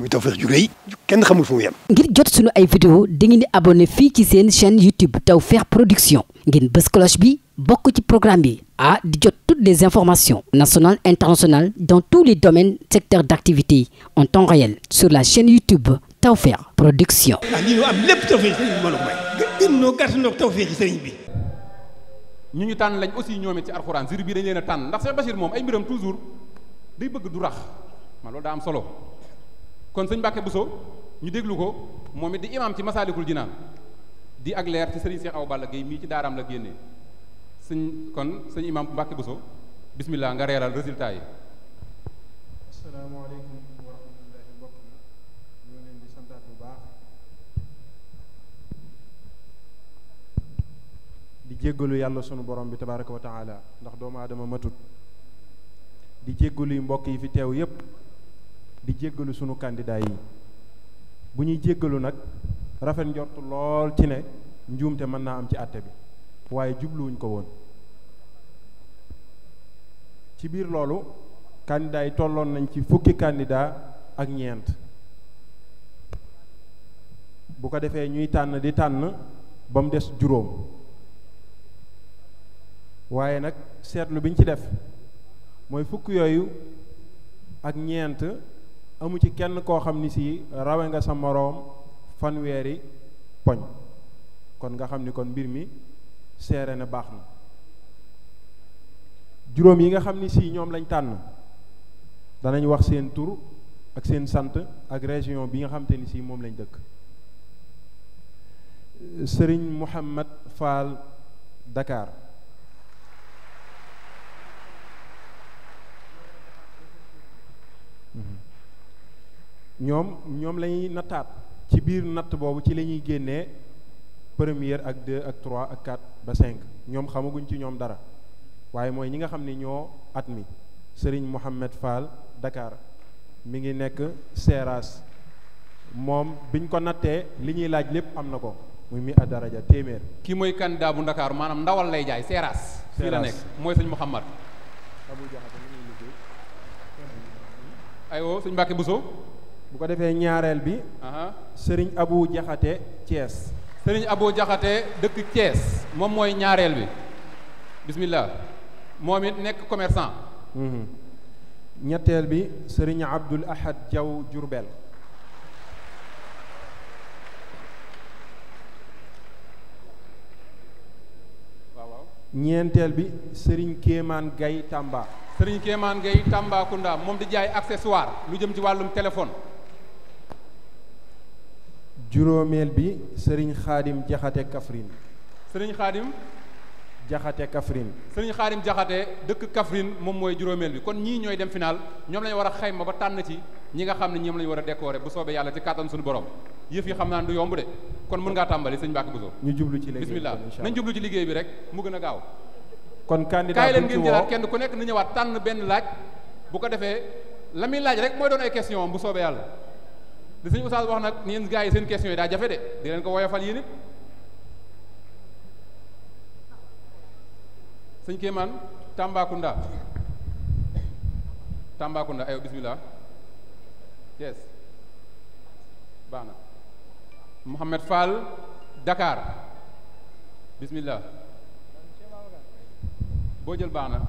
muy Tawfekh ju rëy kenn xamul fu mu ngir jot sunu ay vidéo dangeen di abonné fii ci seen chaîne YouTube Tawfekh Production ngeen bës cloche bi bokk ci programme bi ah di jot toutes des informations nationales internationales dans tous les domaines secteurs d'activité en temps réel sur la chaîne YouTube Tawfekh Production. ah lii ñu am lépp Tawfekh sëriñ bi bi. ñu ñu tànn lañ aussi ñoom it ci alxuraan jur bi dañ leen a tànn ndax Cheikh Bachir moom ay mbiram toujours day kon sëñ Mbàkke Buso ñu déglu ko moom it di imaam ci masaalikul jinaan di ak leer ci sëriñ Cheikh Awa Balla Gueye mii ci daaram la génnee sëñ kon sëñ imaam Mbàkke Buso bismillah nga reeral résultat yi asalaamaaleykum wa rahmatullahi di jéggalu yàlla sunu borom bi tabaraka wa taala ndax doomu aadama matut di jéggalu mbokk yi fi teew yépp di jéggalu sunu candidat yi bu ñuy jéggalu nag rafet njort lool ci ne njuumte mën naa am ci àtte bi waaye jubluwuñ ko woon ci biir loolu candidat tolloon nañ ci fukki candidat ak ñeent bu ko defee ñuy tànn di tànn ba mu des juróom waaye nag seetlu bi ñu ci def mooy fukk yooyu ak ñeent amu ci kenn koo xam ni si rawe nga sa moroom fanweeri poñ kon nga xam ni kon mbir mi seere na baax na juróom yi nga xam ni si ñoom lañ tànn danañu wax seen tur ak seen sant ak région bi nga xam ni si moom lañ dëkk Sëriñ Mouhamad Fall dakaar ñoom ñoom la ñuy nattaat ci biir natt boobu ci la ñuy génnee première ak deux ak trois ak quatre ba cinq ñoom xamaguñ ci ñoom dara waaye mooy ñi nga xam ni ñoo at mi Serigne Mohamed Fall Dakar mi ngi nekk Seras moom biñ ko nattee li ñuy laaj lépp am na ko muy mi adaraja téeméer. kii mooy candidat bu Ndakaaru maanaam ndawal lay jaay Seras. Seras fii la nekk mooy sëñ Mouhamad. aywa sëñ Mbacke Bousso. bu ko defee ñaareel bi sëriñ abu Jaxate Thiès sëriñ Abou Jaxate dëkk Thiès moom mooy ñaareel bi bismillah moom it nekk commerçant mhm. ñetteel bi sëriñ Abdul Ahad Jaw Jurbel ñeenteel bi sëriñ Kéemaan Gay Tamba. Serigne Kéemaan Gay Tambacounda moom di jaay accessoire lu jëm ci wàllum téléphone. juróomeel bi sëriñ xaadim jaxate Kaffrine sëriñ xaadim jaxate Kaffrine sëriñ xaadim jaxate dëkk kafrin moom mooy juróomeel bi kon ñii ñooy dem finaal ñoom la war a xayma ba tànn ci ñi nga xam ne ñoom la war a décorer bu soobee yàlla ci kàttan suñu borom yëf yi xam naa du yomb de kon mën ngaa tàmbali sëñ Mbacke Bousso ñu jublu ci liggéey bismillah nañ jublu ci liggéey bi rek mu gën a gaaw kon candidat kaay leen ngeen jëlaat kenn ku nekk na ñëwaat tànn benn laaj bu ko defee la muy laaj rek mooy doon ay bu soobee yàlla li suñu ustaas wax nag ni yéen gars yi seen question yi daa jafe de di leen ko woyofal yéen it sëñ Kéemaan Tambacounda Tambacounda ayo bismillah Thiès baax na Mouhamed Fall Dakar bismillah boo jël baax na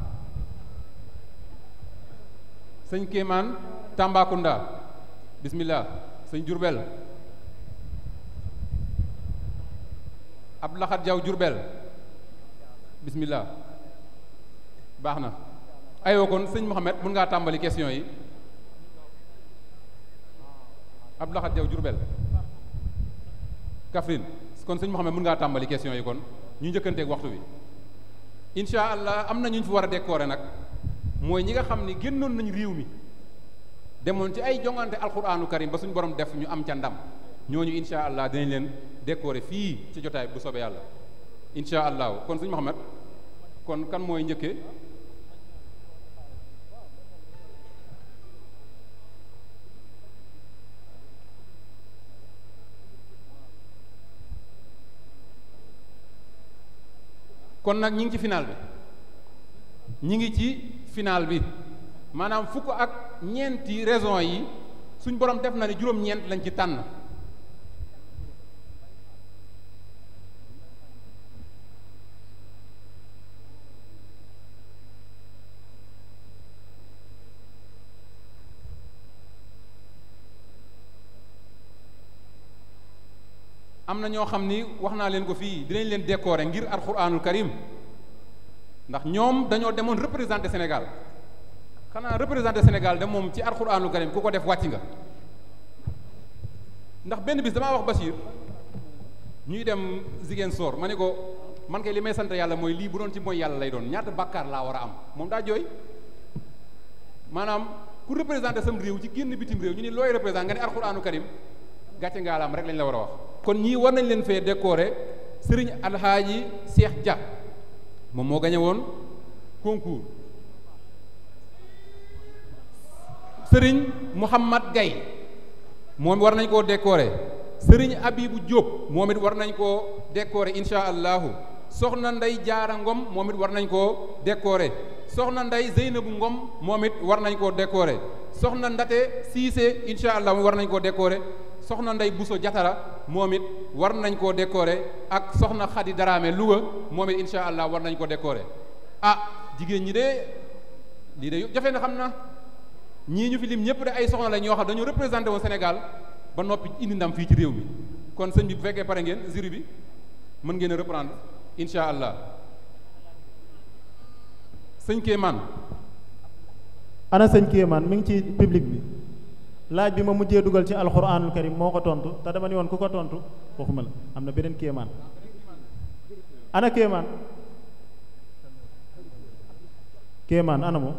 sëñ Kéemaan Tambacounda bismillah sëñ Jurbel Abdou Lahad jaw Jurbel bismillah baax na ayoo kon sëñ Mohamed mën ngaa tàmbali question yi Abdou Lahad Diaw Jurbel Kaffrine kon sëñ Mohamed mun ngaa tàmbali question yi kon ñu njëkkanteeg waxtu bi incha allah am na ñu ñu fi war a décorer nag mooy ñi nga xam ni génnoon nañu réew mi demoon ci ay jongante alquranu karim ba suñu borom def ñu am ca ndam ñooñu incha allah dinañ leen décorer fii ci jotaay bu soobee yàlla incha allahu kon suñu Muhammad kon kan mooy njëkkee kon nag ñi ngi ci final bi ñi ngi ci final bi maanaam fukk ak ñeenti raison yi suñ borom def na ne juróom-ñeent lañ ci tànn am na ñoo xam ni wax naa leen ko fii dinañ leen décorer ngir alxuraanul karim ndax ñoom dañoo demoon représenter Sénégal xanaa représenté Sénégal de moom ci alxuraanu karim ku ko def wàcc nga ndax benn bis damaa wax Bachir ñuy dem Ziguinchor ma ne ko man kay li may sant yàlla mooy lii bu doon ci mooy yàlla lay doon ñaata bàkkaar laa war a am moom daa jooy maanaam ku représenté sam réew ci génn bitim réew ñu ni looy représenté nga ne alxuraanu karim gàcce ngaalaam rek lañ la war a wax. kon ñii war nañ leen fee décorer Serigne Alhaaji seex Dia moom moo gañe woon concours. sëriñ Mouhamad Gaye moom war nañ koo décorer sëriñ Abibu Diop moom it war nañ koo décorer incha allahu soxna Ndey Jaara Ngom moom it war nañ koo décorer soxna Ndey Zeynabu Ngom moom it war nañ koo décorer soxna Ndate Siise incha allah war nañ koo décorer soxna Ndey Buso Jatara moom it war nañ koo décorer ak soxna Xadi Daraame Louga moom it incha allah war nañ ko décorer ah jigéen ñi lii de jafe na xam na ñii ñu fi lim ñëpp de ay soxna la ñoo xam dañu représenté woon Sénégal ba noppi indi ndam fii ci réew mi kon sëñ bi bu fekkee pare ngeen jury bi mën ngeen a reprendre incha allah sëñ Kéemaan ana sëñ Kéemaan mi ngi ci public bi laaj bi ma mujjee dugal ci alxuraanul karim moo ko tontu te dama ni woon ku ko tontu waxuma la am na beneen Kéemaan ana Kéemaan Kéemaan ana moom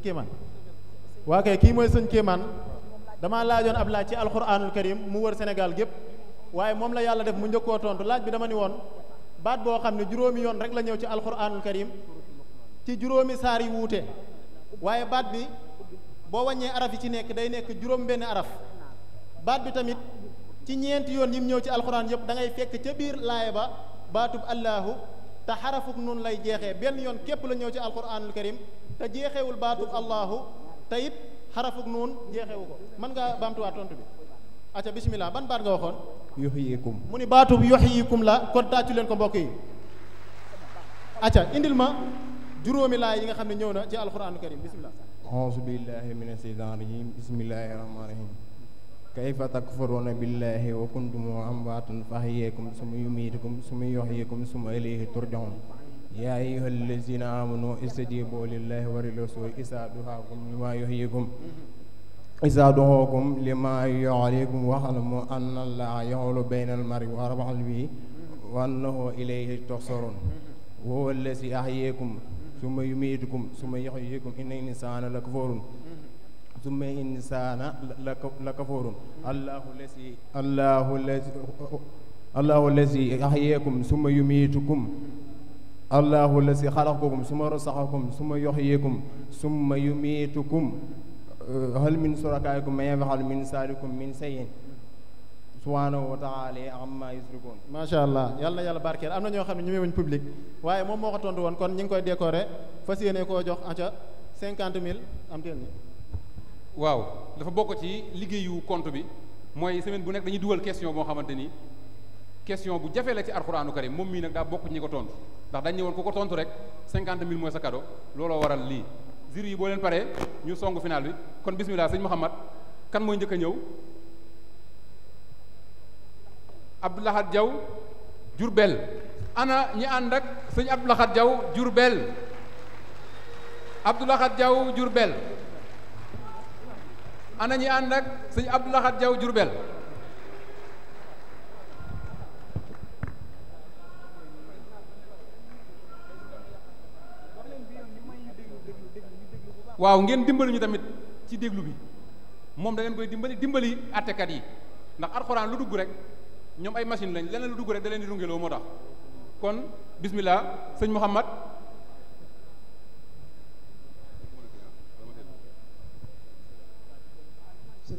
sëñ Kéemaan waa kay kii mooy sëñ Kéemaan damaa laajoon ab laaj ci alxuraanul karim mu wër Sénégal gépp waaye moom la yàlla def mu njëkkoo tontu laaj bi dama ni woon baat boo xam ne juróomi yoon rek la ñëw ci alxuraanul karim ci juróomi saar yi wuute waaye baat bi boo wàññee araf yi ci nekk day nekk juróom benn araf baat bi tamit ci ñeenti yoon yim ñëw ci alxuraan yëpp da ngay fekk ca biir laaya ba baatub allahu te xarafuk nun lay jeexee benn yoon képp la ñëw ci alxuraanul karim te jeexewul baatub allahu te it xarafuk nuun jeexewu ko mën ngaa baamtuwaat tontu bi acca bismillah ban baat nga waxoon yuhyikum mu ni baatub yuhyikum la kon tàccu leen ko mbokk yi acca indil ma juróomi laay yi nga xam ne ñëw na ci alquranu karim bismillah auzu billahi min asheytan rajim bismillahi rahmani rahim kayfa takfuruna billahi wa kuntum amwaatan fa ahyaakum summa yumiitukum summa yuhyikum summa ilayhi turja'un يا أيها الذين آمنوا استجيبوا لله وللرسول إذا دعاكم لما يحييكم إذا دعوكم لما يعليكم واعلموا أن الله يحول بين المرء وقلبه وأنه إليه تحشرون وهو الذي أحييكم ثم يميتكم ثم يحييكم إن الإنسان لكفور ثم إنسان لكفور الله الذي الله الذي الله الذي أحييكم ثم يميتكم allahu la si xalaqakum su ma suma yoxyeekum summa yumiitukum uh, hal min surakaaykum ma yafaxal min saalikum min sayin subhaanahu wa taala amma yusrikoon macha allah yàlla yàlla barkeel am na ñoo xam ne ñu mewuñ public waaye moom moo ko tontu woon kon ñu ngi koy décorer fas yéene koo jox aca cinquante mille am teen ni waaw dafa bokk ci liggéeyu conte bi mooy semaine bu nekk dañuy dugal question boo xamante ni question bu jafe la ci alxuraanu karim moom mii nag daa bokk ñi ko tontu ndax dañ ñëwoon ku ko tontu rek cinquante mille mooy sa cadeau looloo waral lii jury yi boo leen paree ñu songu finaal bi kon bismillah sëñ Mouhamad kan mooy njëkk a ñëw Abdoulahad Diaw Jurbel ana ñi ànd ak sëñ Abdoulahad Diaw Jurbel Abdoulahad Diaw Jurbel ana ñi ànd ak sëñ Abdoulahad Diaw Jurbel waaw ngeen dimbali ñu tamit ci déglu bi moom da koy dimbali dimbali àttekat yi ndax alxuraan lu dugg rek ñoom ay machine lañ leneen lu dugg rek da leen di rungeloo moo tax kon bismillah sëñ Mouhamad sëñ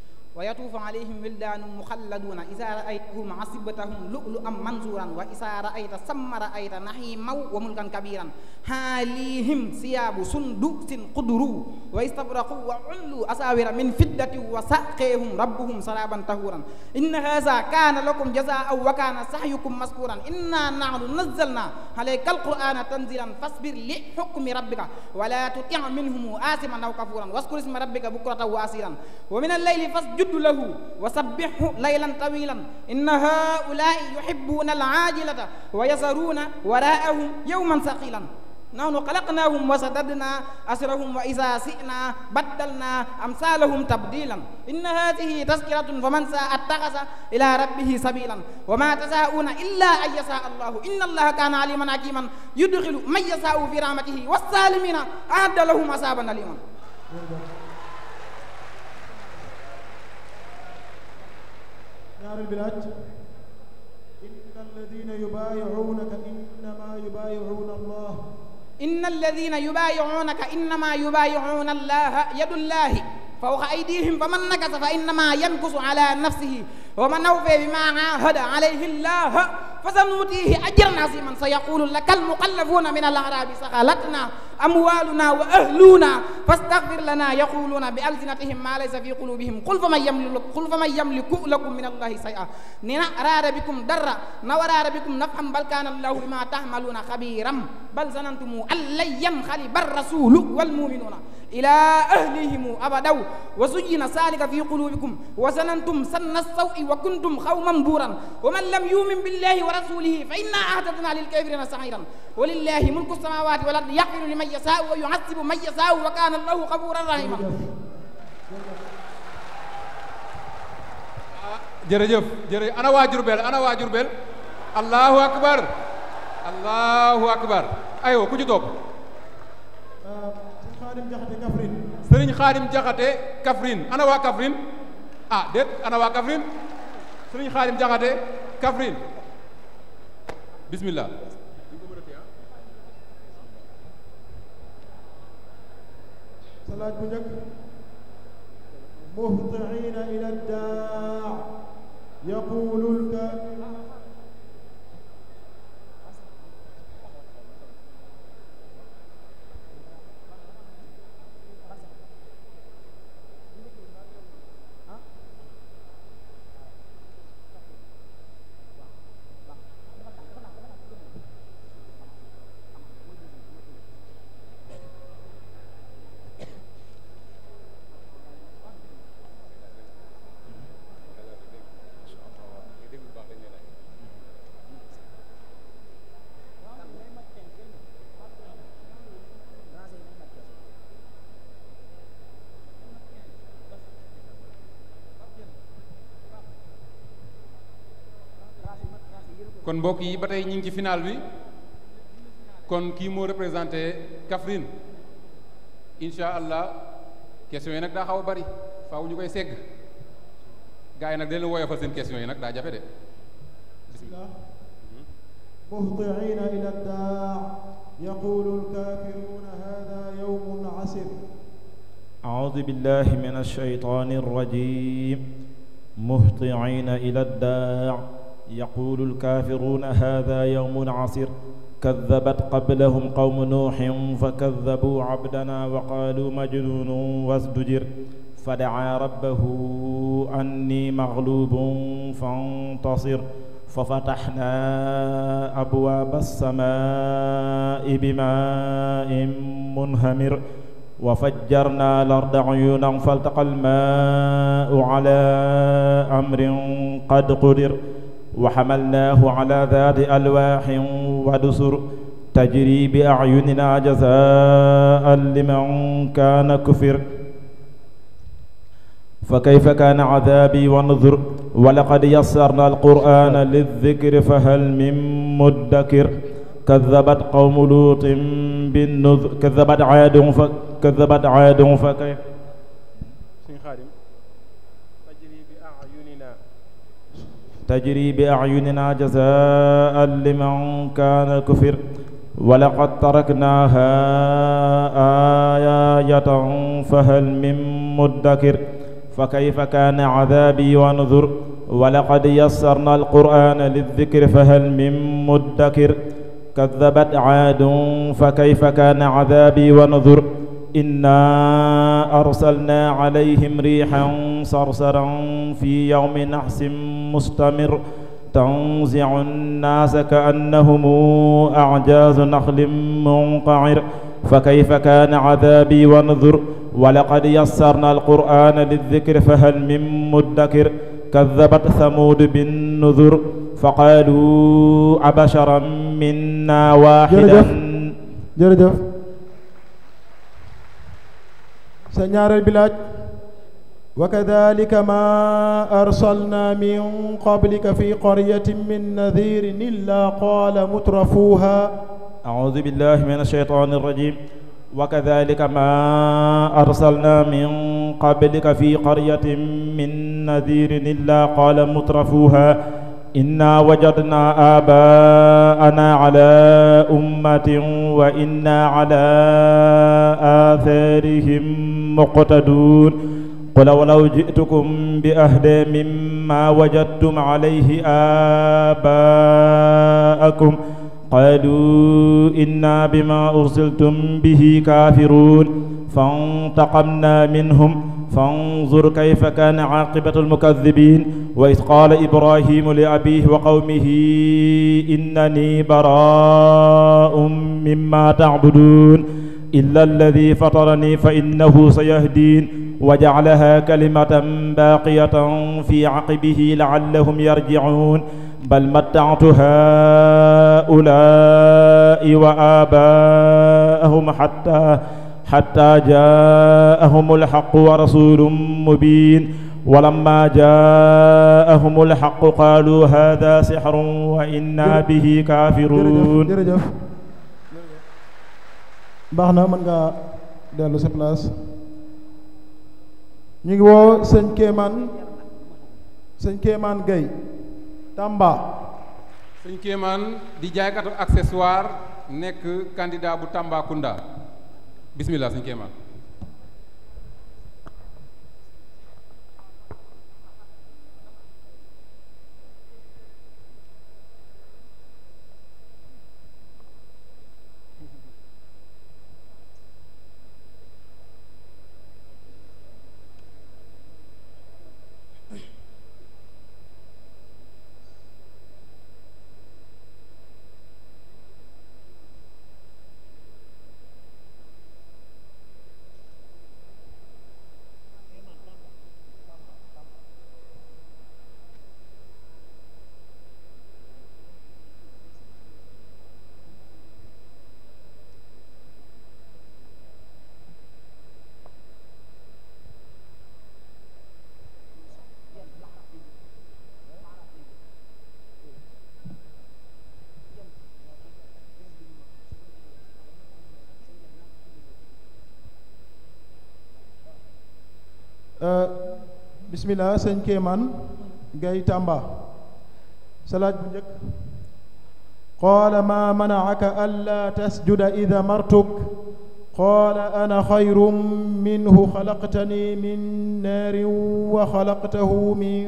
wa yatuufu alayhim wildaanu muxalladuuna isaa raaytahum asibatahum lu'lu am mansuuran wa isaa raayta samma raayta naxiimaw wa mulkan kabiiran xaalihim siyaabu sundusin qudru wa istabraqu wa ullu asaawira min fiddati wa saqeehum rabbuhum saraaban tahuuran inna haza kaana lakum jazaa wa kaana saxyukum maskuuran inna naxnu nazalna alayka alqur'aana tanzilan fasbir li xukmi rabbika wala tutic minhum aasiman aw kafuuran waskur isma rabbika bukratan wa asiilan wa min allayli fasjud wasjud lahu wa sabbihhu laylan tawilan inna haulaai yuhibbuna alajilata wa yasaruna waraahum yawman saqilan nahnu xalaqnaahum wa sadadna asrahum wa isa sina baddalna amsalahum tabdilan inna hadihi taskiratun fa man saa attaxasa ila rabbihi sabilan wa ma tasaauna illa an yasaa allahu inna allaha kaana aliman hakiman yudxilu man yasaau fi rahmatihi wassalimina aadda lahum asaban aliman أهل البلاد إن الذين يبايعونك إنما يبايعون الله إن الذين يبايعونك إنما يبايعون الله يد الله فوق أيديهم فمن نكث فإنما ينكث على نفسه ومن أوفي بما عاهد عليه الله فسنؤتيه أجرا عظيما سيقول لك المخلفون من الأعراب سغلتنا أموالنا وأهلنا فاستغفر لنا يقولون بألسنتهم ما ليس في قلوبهم قل فمن يملك قل فمن يملك لكم من الله شيئا ننا أراد بكم ضرا نوراد بكم نفعا بل كان الله بما تعملون خبيرا بل ظننتم أن لن ينخلب الرسول والمؤمنون ilaa ahlihimu abadaw wa zuyyina saalika fi qulubikum wa sanantum sanna sawi wa kuntum xawman buuran wa man lam yumin billahi wa rasulihi fa inna ahtadna lilkafirina sa'iran wa lillahi mulku samawati wal ardi yaghfiru liman yashaa'u wa yu'adhibu man yashaa'u wa kana allahu ghafuran rahima jërëjëf jërëjëf ana waa Jurbel ana waa Jurbel allahu akbar allahu akbar aywa ku ci topp euh, xaadim jaxate Kaffrine ana waa Kaffrine ah déet ana waa Kaffrine sëriñ xaadim jaxate Kaffrine bismillah salaat bu njëkk muhtiina ila daa yaqulu kon mbokk yi ba tey ñu ngi ci final bi kon kii moo représenté Kaffrine incha allah question yi nag daa xaw a bari faaw ñu koy segg gars yi nag dañ la woyofal seen question yi nag daa jafe de bismillah muhti'ina ila ad-daa' yaqulu al-kaafiruuna 'asir a'uudu billahi mina ash-shaytaani ar-rajiim muhti'ina ila yaqulu alkaafiruuna hada yawmun asir kaddabat qablahum qawmu nuuhin fa kaddabuu abdanaa wa qaaluu majnuunun wasdujir fa dacaa rabbahu annii magluubun fantasir fa fataxnaa abwaaba alsamaa'i bimaa'in munhamir wa fajjarnaa larda cuyuunan faltaqa almaa'u calaa amrin qad qudir wa xamalnaahu ala daati alwaaxin wa dusur tajri bi ayunina jazaan liman kaana kufir fa kayfa kaana cadaabi wa nuzur wa laqad yassarna alqur'aana liddikri fa hal min muddakir kadabat qawmu luutin bin nuzur kadabat caadun fa kadabat caadun fa kayfa tajri bi ayunina jazaan liman kaana kufir wa laqad taraknaaha aayatan fahal min muddakir fa kayfa kaana cadaabi wa nuzur wa laqad yassarna alqur'aana liddikri fahal min muddakir kaddabat caadun fa kayfa kaana cadaabi wa nuzur إنا أرسلنا عليهم ريحا صرصرا في يوم نحس مستمر تنزع الناس كأنهم أعجاز نخل منقعر فكيف كان عذابي ونذر ولقد يسرنا القرآن للذكر فهل من مدكر كذبت ثمود بالنذر فقالوا أبشرا منا واحدا jërëjëf jërëjëf sa ñaareel bi laaj wa kadalika ma arsalna min qablika fi qaryatin min nadirin illa qaala mutrafuha audu billahi min alsheytani irrajim wa kadalika ma arsalna min qablika fi qaryatin min nadirin illa qaala mutrafuha inna wajadna abaana ala ummatin wa inna ala atharihim مقتدون قل ولو جئتكم بأهدى مما وجدتم عليه آباءكم قالوا إنا بما أرسلتم به كافرون فانتقمنا منهم فانظر كيف كان عاقبة المكذبين وإذ قال إبراهيم لأبيه وقومه إنني براء مما تعبدون إلا الذي فطرني فإنه سيهدين وجعلها كلمة باقية في عقبه لعلهم يرجعون بل متعت هؤلاء وآباءهم حتى حتى جاءهم الحق ورسول مبين ولما جاءهم الحق قالوا هذا سحر وإنا به كافرون baax na mën ngaa dellu sa place ñu ngi woo sëñ Kéemaan sëñ Kéemaan Guèye Tamba sëñ Kéemaan di jaaykatu accessoire nekk candidat bu Tambacounda bismillah sëñ Kéemaan bismillah sëñ Kéemaan Gay Tàmba salaaj bu njëkk qaala maa manaaka allaa tasjuda ida martuk qaala ana xayrun minhu xalaqtani min naarin wa xalaqtahu min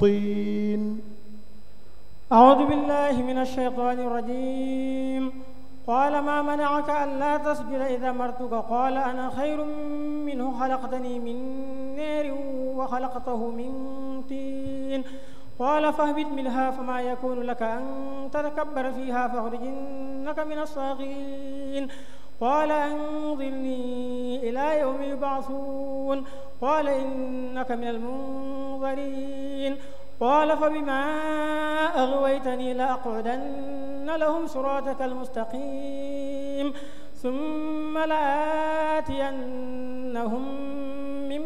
tiin audu billahi min alshaytaani rajim قال ما منعك ألا تسجد إذا أمرتك قال أنا خير منه خلقتني من نار وخلقته من طين قال فاهبط منها فما يكون لك أن تتكبر فيها فاخرجنك من الصاغرين قال أنظرني إلى يوم يبعثون قال إنك من المنظرين قال فبما أغويتني لأقعدن لهم صراطك المستقيم ثم لآتينهم من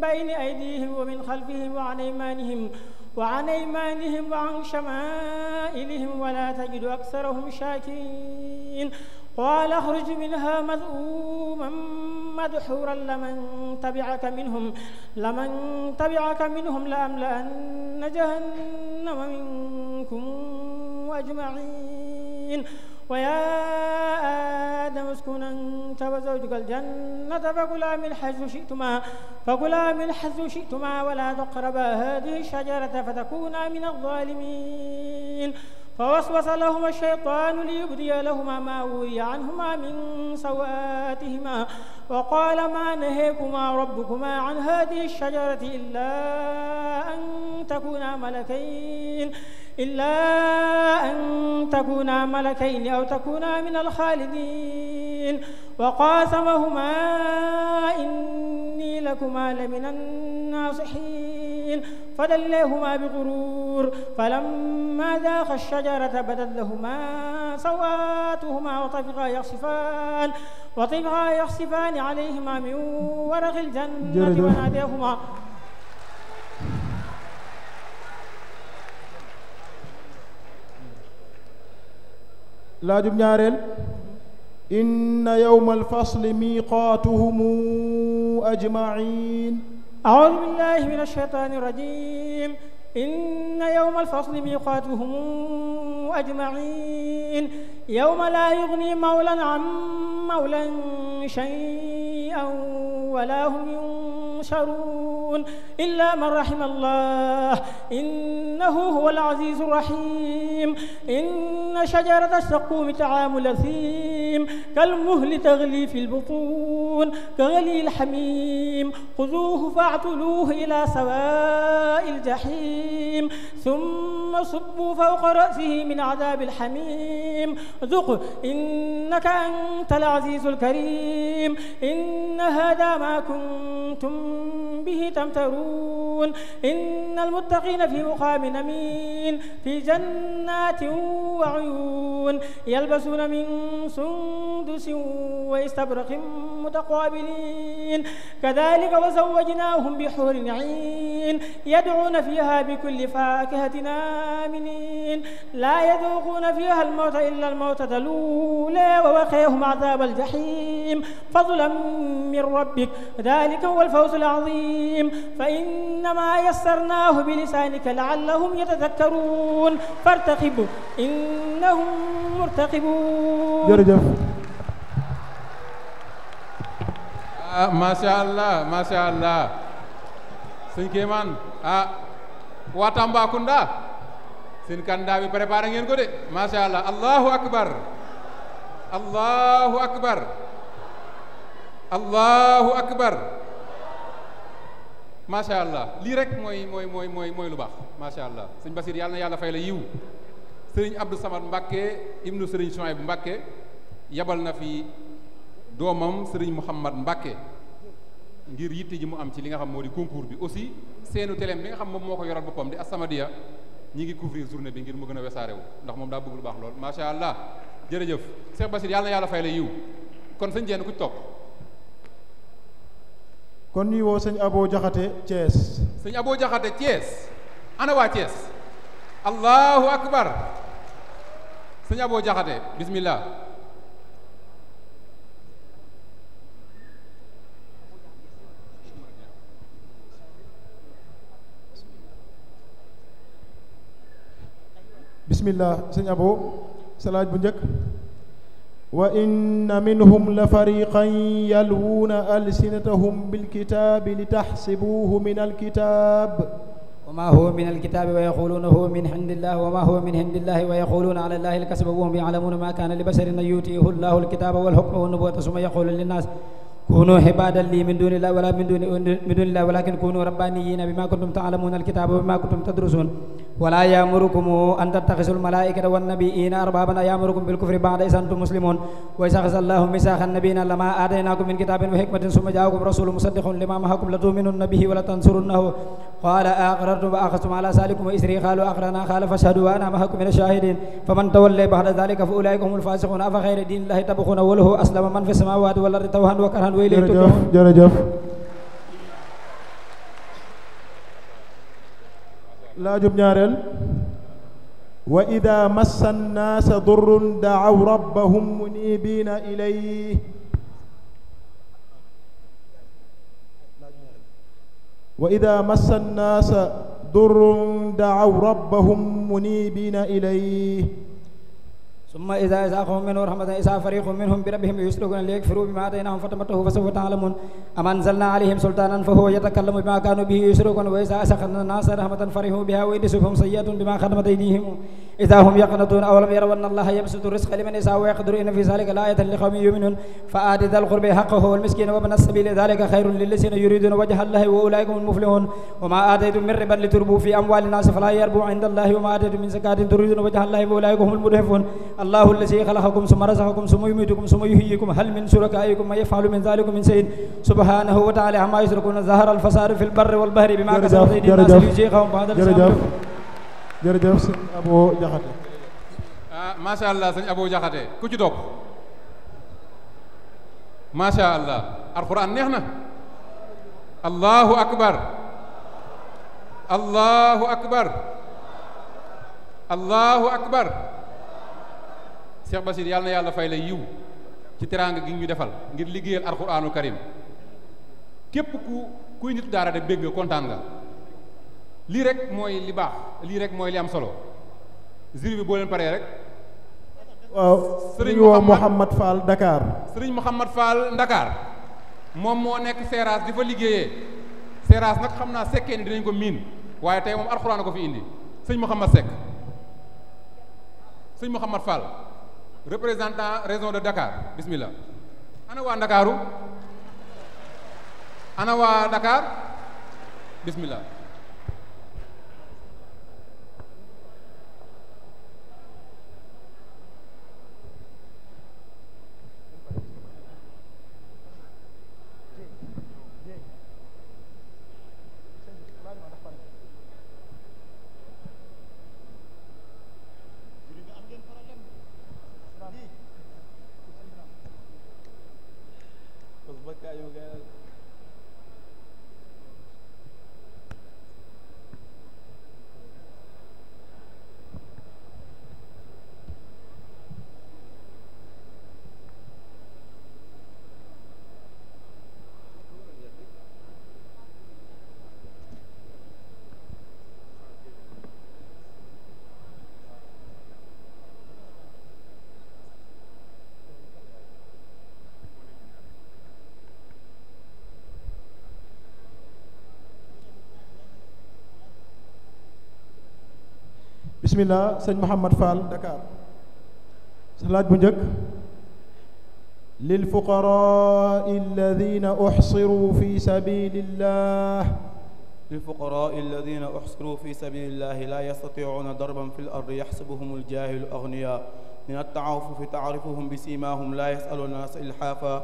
بين أيديهم ومن خلفهم وعن أيمانهم وعن أيمانهم وعن شمائلهم ولا تجد أكثرهم شاكرين قال اخرج منها مذءوما مدحورا لمن تبعك منهم لمن تبعك منهم لأملأن جهنم منكم أجمعين ويا آدم اسكن أنت وزوجك الجنة فكلا من حيث شئتما فكلا من حيث شئتما ولا تقربا هذه الشجرة فتكونا من الظالمين فوسوس لهما الشيطان ليبدي لهما ما وري عنهما من سوآتهما وقال ما نهيكما ربكما عن هذه الشجرة إلا أن تكونا ملكين إلا أن تكونا ملكين أو تكونا من الخالدين وقاسمهما إني لكما لمن الناصحين فدليهما بغرور فلما ذاق الشجرة بدت لهما سواتهما وطفقا يخصفان وطفقا يخصفان عليهما من ورق الجنة وناديهما laajub ñaareel inna yawma alfasli miqaatuhum ajmain aoudu billahi min alshaytani irrajim إن يوم الفصل ميقاتهم أجمعين يوم لا يغني مولى عن مولى شيئا ولا هم ينصرون إلا من رحم الله إنه هو العزيز الرحيم إن شجرة السقوم طعام لثيم كالمهل تغلي في البطون كغلي الحميم خذوه فاعتلوه إلى سواء الجحيم الجحيم ثم صبوا فوق رأسه من عذاب الحميم ذق إنك أنت العزيز الكريم إن هذا ما كنتم به تمترون إن المتقين في مقام أمين في جنات وعيون يلبسون من سندس وإستبرق متقابلين كذلك وزوجناهم بحور عين يدعون فيها بكل فاكهة آمنين لا يذوقون فيها الموت إلا الموتة الأولى ووقيهم عذاب الجحيم فضلا من ربك ذلك هو الفوز العظيم فإنما يسرناه بلسانك لعلهم يتذكرون فارتقب إنهم مرتقبون jërëjëf ah macha allah macha allah sëñ Kéemaan ah waa Tambacounda seen candidat bi préparé ngeen ko de macha allah allahu akbar allahu akbar allahu akbar macha allah lii rek mooy mooy mooy mooy lu baax macha allah sëñ Basir yàlla na yàlla fay la yiw sëriñ Abdou Samad Mbacke ibnu sëriñ Chouaib Mbacke yabal na fi doomam sëriñ Mouhamad Mbacke ngir yitte ji mu am ci li nga xam moo di concours bi aussi seenu teleem bi nga xam moom moo ko yoral boppam di As-Samadiyya ñi ngi couvrir journée bi ngir mu gën a wesaare wu ndax moom daa bëgg lu baax lool macha allah jërëjëf Cheikh Bassir yàlla na yàlla fay la yiw kon sëñ Diène ku ci topp kon ñuy sëñ Abo Jaxate Thiès sëñ Abo Jaxate Thiès ana waa Thiès allahu akbar sëñ Abo Jaxate bismillah bismillah sëñ abo sa laaj bu njëkk wa inna minhum la fariqan yalwuuna alsinatahum bilkitaabi li taxsibuuhu min alkitaab wa ma huwa min alkitaabi wa yaquluuna huwa min indillah wa ma huwa min indillah wa yaquluuna ala allahi alkasba wa hum yaclamuuna ma kaana li basarin an yuutiihu llahu alkitaaba walxukma wannubuwata summa yaqulu linnaas كونوا عبادا لي من دون الله ولا من دون من دون الله ولكن كونوا ربانيين بما كنتم تعلمون الكتاب وبما كنتم تدرسون ولا يأمركم أن تتخذوا الملائكة والنبيين أربابا أيأمركم بالكفر بعد إذ أنتم مسلمون وإذ أخذ الله ميثاق النبيين لما آتيناكم من كتاب وحكمة ثم جاءكم رسول مصدق لما معكم لتؤمنن به ولتنصرنه قال أقررتم وأخذتم على ذلكم إصري قالوا أقررنا قال فاشهدوا وأنا معكم من الشاهدين فمن تولي بعد ذلك فأولئك هم الفاسقون أفغير دين الله تبغون وله أسلم من في السماوات والأرض طوعا وكرها وإليه تدعون jërëjëf laajub ñaareel wa ida massa nnaasa durrun daaw rabbahum munibiina ilayh wa ida massa nnaasa durrun daaw rabbahum munibiina ilayh summa iza izaqahum minhu rahmatan iza fariqun minhum bi rabbihim yushrikuna liyakfuru bima ataynahum fatamattahu fasawfa ta'lamun am anzalna alayhim sultanan fahuwa yatakallamu bima kanu bihi yushrikun wa iza asaqna an-nasa rahmatan farihu biha wa idh asabahum sayyi'atun bima qaddamat aydihim إذا هم يقنطون أولم يروا أن الله يبسط الرزق لمن يشاء ويقدر إن في ذلك لآية لقوم يؤمنون فآت ذا القرب حقه والمسكين وابن السبيل ذلك خير للذين يريدون وجه الله وأولئك هم المفلحون وما آتيتم من ربا لتربوا في أموال الناس فلا يربو عند الله وما آتيتم من زكاة تريدون وجه الله وأولئك هم المضعفون الله الذي خلقكم ثم رزقكم ثم يميتكم ثم يحييكم هل من شركائكم ما يفعل من ذلك من شيء سبحانه وتعالى عما يشركون ظهر الفساد في البر والبحر بما كسبت أيدي الناس ليذيقهم بعض الذي jërëjëf ah, macha allah sëñ Abo Jaxate ku ci topp macha allah alquran neex na allahu akbar allahu akbar allahu akbar Cheikh Basir yàlla na yàlla fay lay yiw ci teraanga gi ñu defal ngir liggéeyal alquranu karim képp ku kuy nit daara de bégg kontaan nga lii rek mooy li baax lii rek mooy li am solo jury bi boo leen paree rek. waaw sëriñ Mouhamad Fall Dakar. sëriñ Mouhamad Fall ndakaar moom moo nekk Seras di fa liggéeyee Seras nag xam naa sekkee ni dinañ ko miin waaye tey moom alxuraan ko fi indi sëñ Mouhamad Seck sëñ Mouhamad Fall représentant région de Dakar bismillah ana waa Ndakaaru ana waa Dakar bismillah bismillah sëñ Mouhamad Fall Dakar sa laaj bu njëkk lil fuqaraa alladina uxsiru fi sabilillah lil fuqaraa alladina uxsiru fi sabilillah la yastatiicuuna darban fi lardi yaxsabuhum aljaahilu agniyaa min attaawufi tacrifuhum bisimaahum la yasaluuna naasa ilxaafa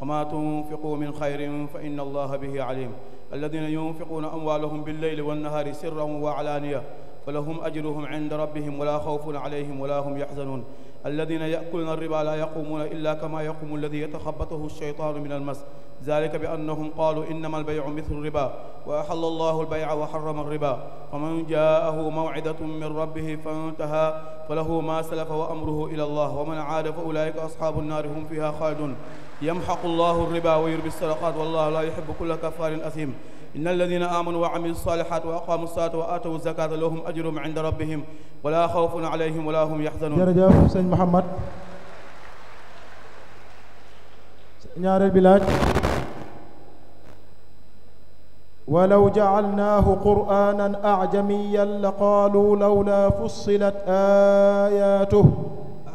وما تنفقوا من خير فإن الله به عليم الذين ينفقون أموالهم بالليل والنهار سرا وعلانية فلهم أجرهم عند ربهم ولا خوف عليهم ولا هم يحزنون الذين يأكلون الربا لا يقومون إلا كما يقوم الذي يتخبطه الشيطان من المس ذلك بأنهم قالوا إنما البيع مثل الربا وأحل الله البيع وحرم الربا فمن جاءه موعدة من ربه فانتهى فله ما سلف وأمره إلى الله ومن عاد فأولئك أصحاب النار هم فيها خالدون يمحق الله الربا ويربي الصدقات والله لا يحب كل كفار أثيم inna alladina amanu wa amilu salihat wa aqamu salata wa atawu zakata lahum ajrum inda rabbihim wala xawfun alayhim wala hum yaxzanun jërëjëf sëñ Mouhamad ñaareel bi laaj walaw jacalnaahu qur'aanan acjamiyyan la qaaluu lawlaa fussilat aayaatuhu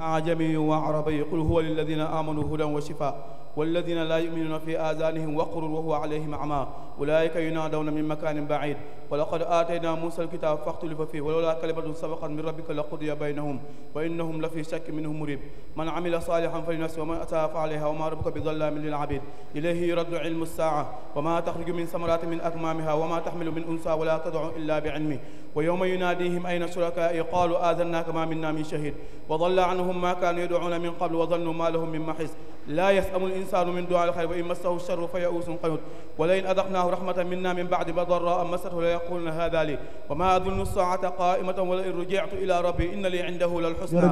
acjamiyun wa carabiyyun qul huwa lilladina amanu hudan wa shifaa walladina laa yuminuuna fi aasaanihim waqrun wa huwa alayhim ama ulaayika yunaadawna min makaanin baciid wa laqad aataynaa muusa alkitaab faxtulifa fiih wa lawlaa kalimatun sabaqat min rabbika la qudiya baynahum wa innahum la fi shakkin minhu murib man camila saalixan fa li nafsihi wa man asaa fa alayhaa wa maa rabbuka bi zallaamin lil abiid ilayhi yuraddu cilmu saaca wa maa taxruju min samaraatin min akmaamihaa wa maa taxmilu min unsaa wa laa tadcu illaa bicilmihi wa yawma yunaadihim ayna shurakaai qaaluu aasannaaka maa minnaa min shahiid wa dalla canhum maa kaanuu yadcuuna min qablu wa dannuu maa lahum min maxis laa yasamu linsaanu min duaa alxayr wa in massahu charru fa yausun qanut wa la in adaqnaahu rahmatan minna min bacdi badarra masathu la yaquluna hada li wa maa adunnu saata qaimatan wa la in rujictu ila rabbi inna li indahu lal xusna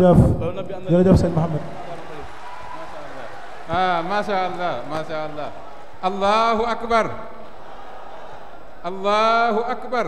jërëjëf sëñ Muhammad ah macha allah macha allah allahu akbar allahu akbar